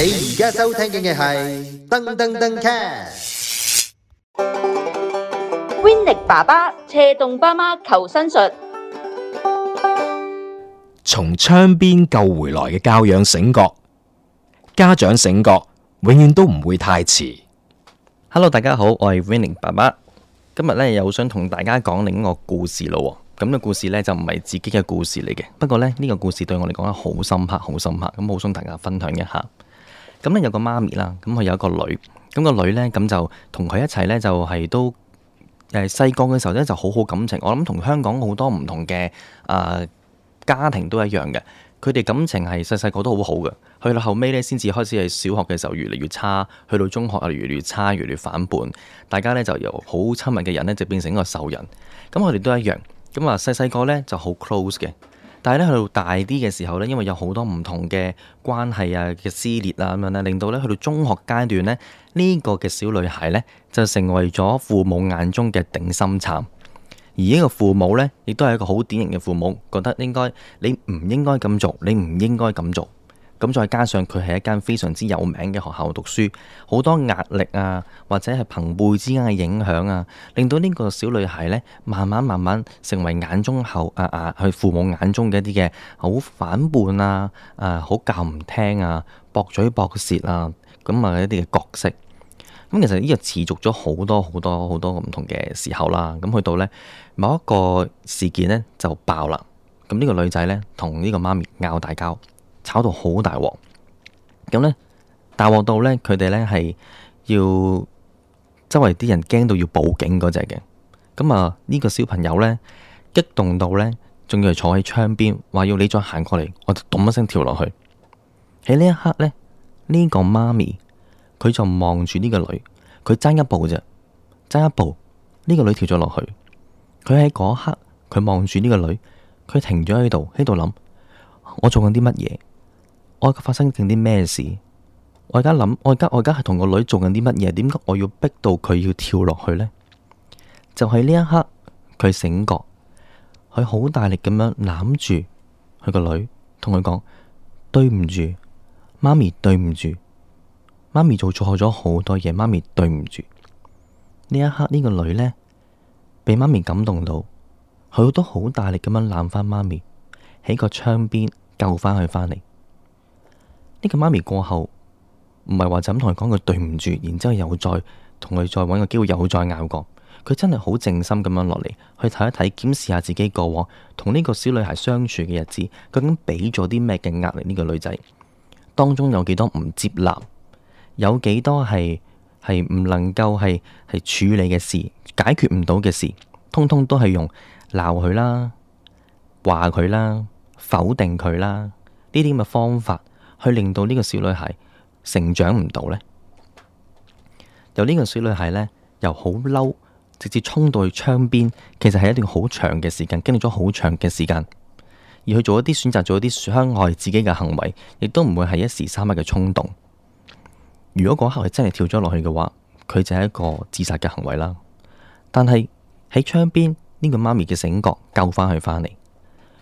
你而家收聽嘅係《噔噔噔 Cat》，Winny 爸爸車動爸媽求生術，從窗邊救回來嘅教養醒覺，家長醒覺永遠都唔會太遲。Hello，大家好，我係 Winny 爸爸，今日呢，又想同大家講另一個故事咯。咁嘅故事呢，就唔係自己嘅故事嚟嘅，不過呢，呢個故事對我嚟講咧好深刻，好深刻，咁好想大家分享一下。咁咧有個媽咪啦，咁佢有一個女，咁、那個女呢，咁就同佢一齊呢，就係、是、都誒細個嘅時候呢，就好好感情。我諗同香港好多唔同嘅啊、呃、家庭都一樣嘅，佢哋感情係細細個都好好嘅，去到後尾呢，先至開始係小學嘅時候越嚟越差，去到中學啊越嚟越差越嚟越反叛，大家呢，就由好親密嘅人呢，就變成一個仇人。咁佢哋都一樣，咁啊細細個呢，就好 close 嘅。但係咧，去到大啲嘅時候咧，因為有好多唔同嘅關係啊嘅撕裂啊咁樣咧，令到咧去到中學階段咧，呢個嘅小女孩咧就成為咗父母眼中嘅頂心杉，而呢個父母咧亦都係一個好典型嘅父母，覺得應該你唔應該咁做，你唔應該咁做。咁再加上佢係一間非常之有名嘅學校讀書，好多壓力啊，或者係朋輩之間嘅影響啊，令到呢個小女孩呢，慢慢慢慢成為眼中後啊啊，佢、啊、父母眼中嘅一啲嘅好反叛啊，啊好教唔聽啊，駁嘴駁舌啊，咁啊一啲嘅角色。咁、嗯、其實呢個持續咗好多好多好多唔同嘅時候啦，咁去到呢某一個事件呢，就爆啦。咁呢個女仔呢，同呢個媽咪拗大交。炒到好大鑊，咁咧大鑊到呢，佢哋呢係要周圍啲人驚到要報警嗰隻嘅。咁啊呢個小朋友呢，激動到呢，仲要係坐喺窗邊，話要你再行過嚟，我就咚一聲跳落去。喺呢一刻呢，呢個媽咪佢就望住呢個女，佢爭一步啫，爭一步呢個女跳咗落去。佢喺嗰一刻，佢望住呢個女，佢停咗喺度，喺度諗我做緊啲乜嘢？我而家發生緊啲咩事？我而家諗，我而家，我而家係同個女做緊啲乜嘢？點解我要逼到佢要跳落去呢？就喺呢一刻，佢醒覺，佢好大力咁樣攬住佢個女，同佢講：對唔住，媽咪，對唔住，媽咪做錯咗好多嘢，媽咪對唔住。呢一刻呢個女呢，俾媽咪感動到，佢都好大力咁樣攬返媽咪，喺個窗邊救返佢返嚟。呢個媽咪過後唔係話就咁同佢講佢對唔住，然之後又再同佢再搵個機會又再拗過。佢真係好靜心咁樣落嚟去睇一睇，檢視下自己過往同呢個小女孩相處嘅日子，究竟俾咗啲咩嘅壓力？呢個女仔當中有幾多唔接納，有幾多係係唔能夠係係處理嘅事，解決唔到嘅事，通通都係用鬧佢啦、話佢啦、否定佢啦呢啲咁嘅方法。去令到呢個小女孩成長唔到呢？由呢個小女孩呢，由好嬲，直接衝到去窗邊，其實係一段好長嘅時間，經歷咗好長嘅時間，而去做一啲選擇，做一啲傷害自己嘅行為，亦都唔會係一時三刻嘅衝動。如果嗰刻佢真係跳咗落去嘅話，佢就係一個自殺嘅行為啦。但係喺窗邊，呢個媽咪嘅醒覺救翻佢返嚟，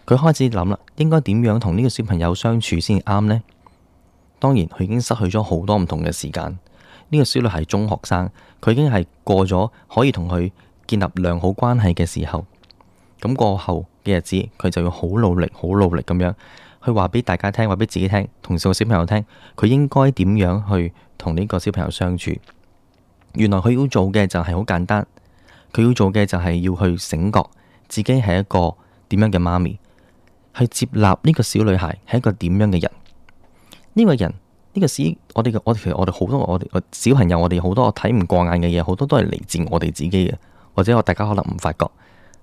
佢開始諗啦，應該點樣同呢個小朋友相處先啱呢？當然，佢已經失去咗好多唔同嘅時間。呢個小女孩中學生，佢已經係過咗可以同佢建立良好關係嘅時候。咁過後嘅日子，佢就要好努力、好努力咁樣去話俾大家聽、話俾自己聽、同四個小朋友聽，佢應該點樣去同呢個小朋友相處？原來佢要做嘅就係好簡單，佢要做嘅就係要去醒覺自己係一個點樣嘅媽咪，去接納呢個小女孩係一個點樣嘅人。呢個人，呢個事，我哋嘅，我其實我哋好多，我哋小朋友，我哋好多，睇唔過眼嘅嘢，好多都係嚟自我哋自己嘅，或者我大家可能唔發覺，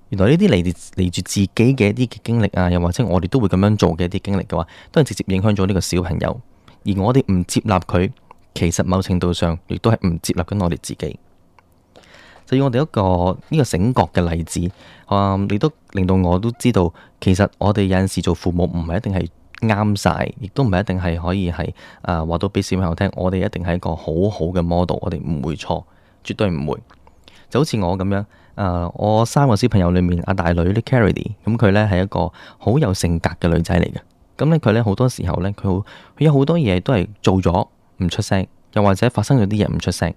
原來呢啲嚟住嚟自自己嘅一啲嘅經歷啊，又或者我哋都會咁樣做嘅一啲經歷嘅話，都係直接影響咗呢個小朋友，而我哋唔接納佢，其實某程度上亦都係唔接納緊我哋自己。就以我哋一個呢個醒覺嘅例子，啊、嗯，你都令到我都知道，其實我哋有陣時做父母唔係一定係。啱晒，亦都唔係一定係可以係啊話到俾小朋友聽，我哋一定係一個好好嘅 model，我哋唔會錯，絕對唔會。就好似我咁樣，誒、呃，我三個小朋友裡面阿大女咧 Carity 咁、嗯、佢咧係一個好有性格嘅女仔嚟嘅。咁咧佢咧好多時候咧，佢好，佢有好多嘢都係做咗唔出聲，又或者發生咗啲嘢唔出聲。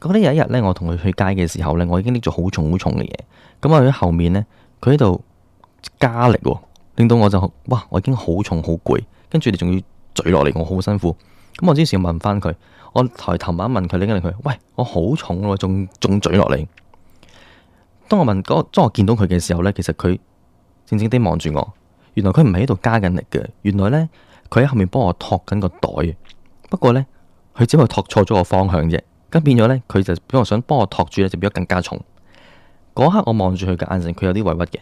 咁、那、咧、個、有一日咧，我同佢去街嘅時候咧，我已經拎咗好重好重嘅嘢，咁啊佢喺後面咧，佢喺度加力喎、哦。令到我就哇，我已經好重好攰，跟住你仲要墜落嚟，我好辛苦。咁我之前問翻佢，我抬頭問一問佢，拎一拎佢，喂，我好重喎，仲仲墜落嚟。當我問嗰，當我見到佢嘅時候呢，其實佢靜靜哋望住我，原來佢唔係喺度加緊力嘅，原來呢，佢喺後面幫我托緊個袋。不過呢，佢只係托錯咗個方向啫，咁變咗呢，佢就因為我想幫我托住咧，就變咗更加重。嗰刻我望住佢嘅眼神，佢有啲委屈嘅。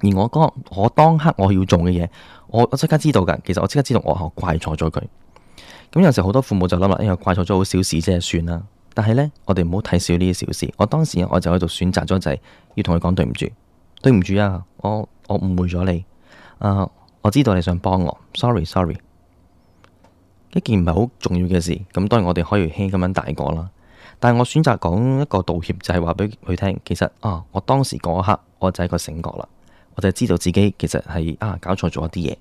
而我嗰我當刻我要做嘅嘢，我我即刻知道噶。其實我即刻知道我係怪錯咗佢。咁有時好多父母就諗啦，因為怪錯咗好小事啫，算啦。但係呢，我哋唔好睇少呢啲小事。我當時我就喺度選擇咗就係要同佢講對唔住，對唔住啊！我我誤會咗你。Uh, 我知道你想幫我。Sorry，Sorry，sorry 一件唔係好重要嘅事。咁當然我哋可以輕咁樣大過啦。但係我選擇講一個道歉，就係話俾佢聽，其實啊，我當時嗰刻我就係一個醒覺啦。我哋知道自己其實係啊搞錯咗一啲嘢，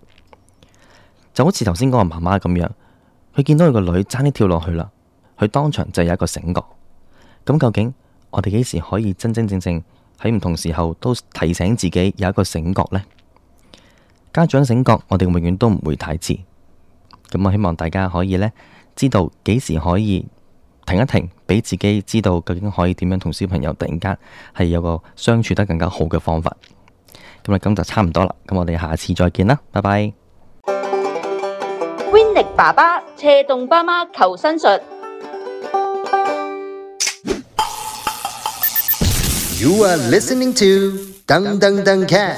就好似頭先嗰個媽媽咁樣，佢見到佢個女爭啲跳落去啦，佢當場就有一個醒覺。咁究竟我哋幾時可以真真正正喺唔同時候都提醒自己有一個醒覺呢？家長醒覺，我哋永遠都唔會太遲。咁我希望大家可以呢，知道幾時可以停一停，俾自己知道究竟可以點樣同小朋友突然間係有個相處得更加好嘅方法。咁啊，咁就差唔多啦，咁我哋下次再見啦，拜拜。Winny 爸爸斜洞爸媽求生術。You are listening to《當當當看》。